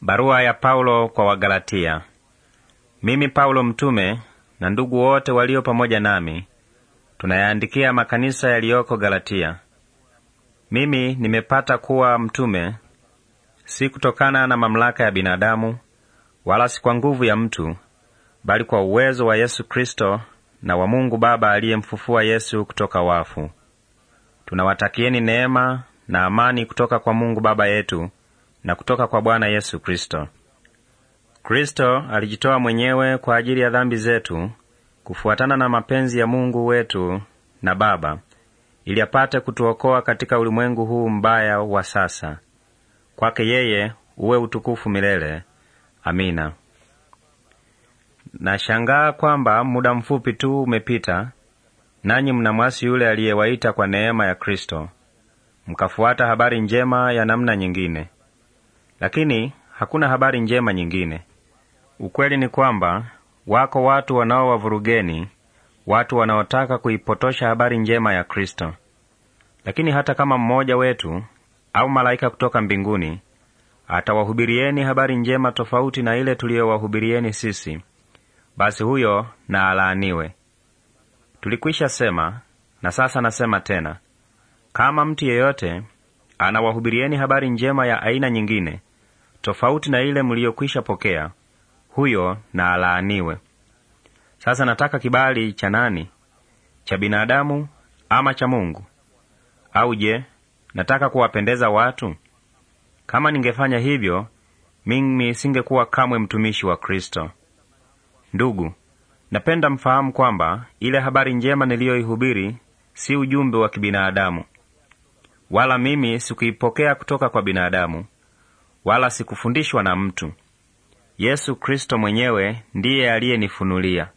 Barua ya Paulo kwa Wagalatia. Mimi Paulo mtume na ndugu wote walio pamoja nami tunayaandikia makanisa yaliyoko Galatia. Mimi nimepata kuwa mtume si kutokana na mamlaka ya binadamu wala si kwa nguvu ya mtu, bali kwa uwezo wa Yesu Kristo na wa Mungu Baba aliyemfufua Yesu kutoka wafu. Tunawatakieni neema na amani kutoka kwa Mungu Baba yetu na kutoka kwa Bwana Yesu Kristo. Kristo alijitoa mwenyewe kwa ajili ya dhambi zetu kufuatana na mapenzi ya Mungu wetu na Baba, ili apate kutuokoa katika ulimwengu huu mbaya wa sasa. Kwake yeye uwe utukufu milele. Amina. Nashangaa kwamba muda mfupi tu umepita, nanyi mnamwasi yule aliyewaita kwa neema ya Kristo, mkafuata habari njema ya namna nyingine. Lakini hakuna habari njema nyingine. Ukweli ni kwamba wako watu wanaowavurugeni, watu wanaotaka kuipotosha habari njema ya Kristo. Lakini hata kama mmoja wetu au malaika kutoka mbinguni atawahubirieni habari njema tofauti na ile tuliyowahubirieni sisi, basi huyo na alaaniwe. Tulikwisha sema na sasa nasema tena, kama mtu yeyote anawahubirieni habari njema ya aina nyingine, tofauti na ile mliyokwisha pokea, huyo na alaaniwe. Sasa nataka kibali cha nani? Cha binadamu ama cha Mungu? Au je, nataka kuwapendeza watu? Kama ningefanya hivyo, mimi singekuwa kamwe mtumishi wa Kristo. Ndugu, napenda mfahamu kwamba ile habari njema niliyoihubiri si ujumbe wa kibinadamu, wala mimi sikuipokea kutoka kwa binadamu, wala sikufundishwa na mtu. Yesu Kristo mwenyewe ndiye aliyenifunulia.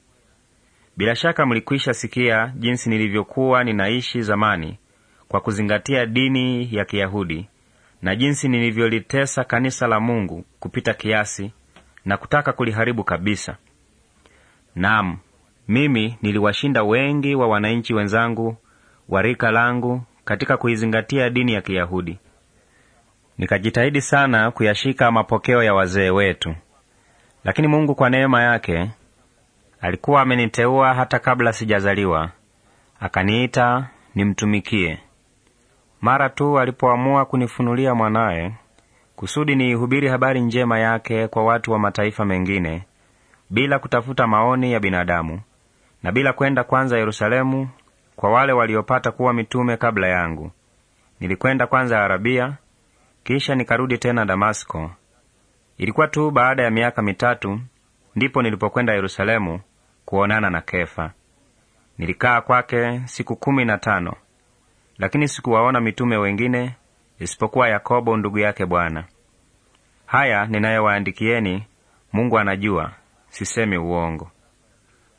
Bila shaka mlikwisha sikia jinsi nilivyokuwa ninaishi zamani kwa kuzingatia dini ya Kiyahudi na jinsi nilivyolitesa kanisa la Mungu kupita kiasi na kutaka kuliharibu kabisa. Naam, mimi niliwashinda wengi wa wananchi wenzangu wa rika langu katika kuizingatia dini ya Kiyahudi. Nikajitahidi sana kuyashika mapokeo ya wazee wetu, lakini Mungu kwa neema yake alikuwa ameniteua hata kabla sijazaliwa, akaniita nimtumikie. Mara tu alipoamua kunifunulia mwanaye kusudi niihubiri habari njema yake kwa watu wa mataifa mengine, bila kutafuta maoni ya binadamu na bila kwenda kwanza Yerusalemu kwa wale waliopata kuwa mitume kabla yangu. Nilikwenda kwanza Arabia kisha nikarudi tena Damasko. Ilikuwa tu baada ya miaka mitatu ndipo nilipokwenda Yerusalemu kuonana na Kefa. Nilikaa kwake siku kumi na tano, lakini sikuwaona mitume wengine isipokuwa Yakobo ndugu yake Bwana. Haya ninayowaandikieni Mungu anajua, sisemi uongo.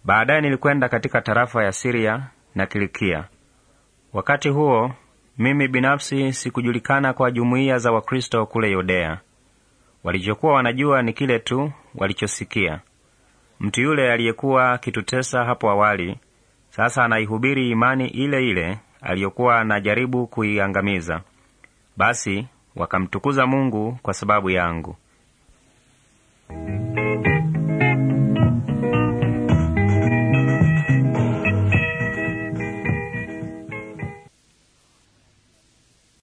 Baadaye nilikwenda katika tarafa ya Siria na Kilikia. Wakati huo mimi binafsi sikujulikana kwa jumuiya za Wakristo kule Yudea. Walichokuwa wanajua ni kile tu walichosikia. Mtu yule aliyekuwa kitutesa hapo awali, sasa anaihubiri imani ile ile aliyokuwa anajaribu kuiangamiza. Basi wakamtukuza Mungu kwa sababu yangu.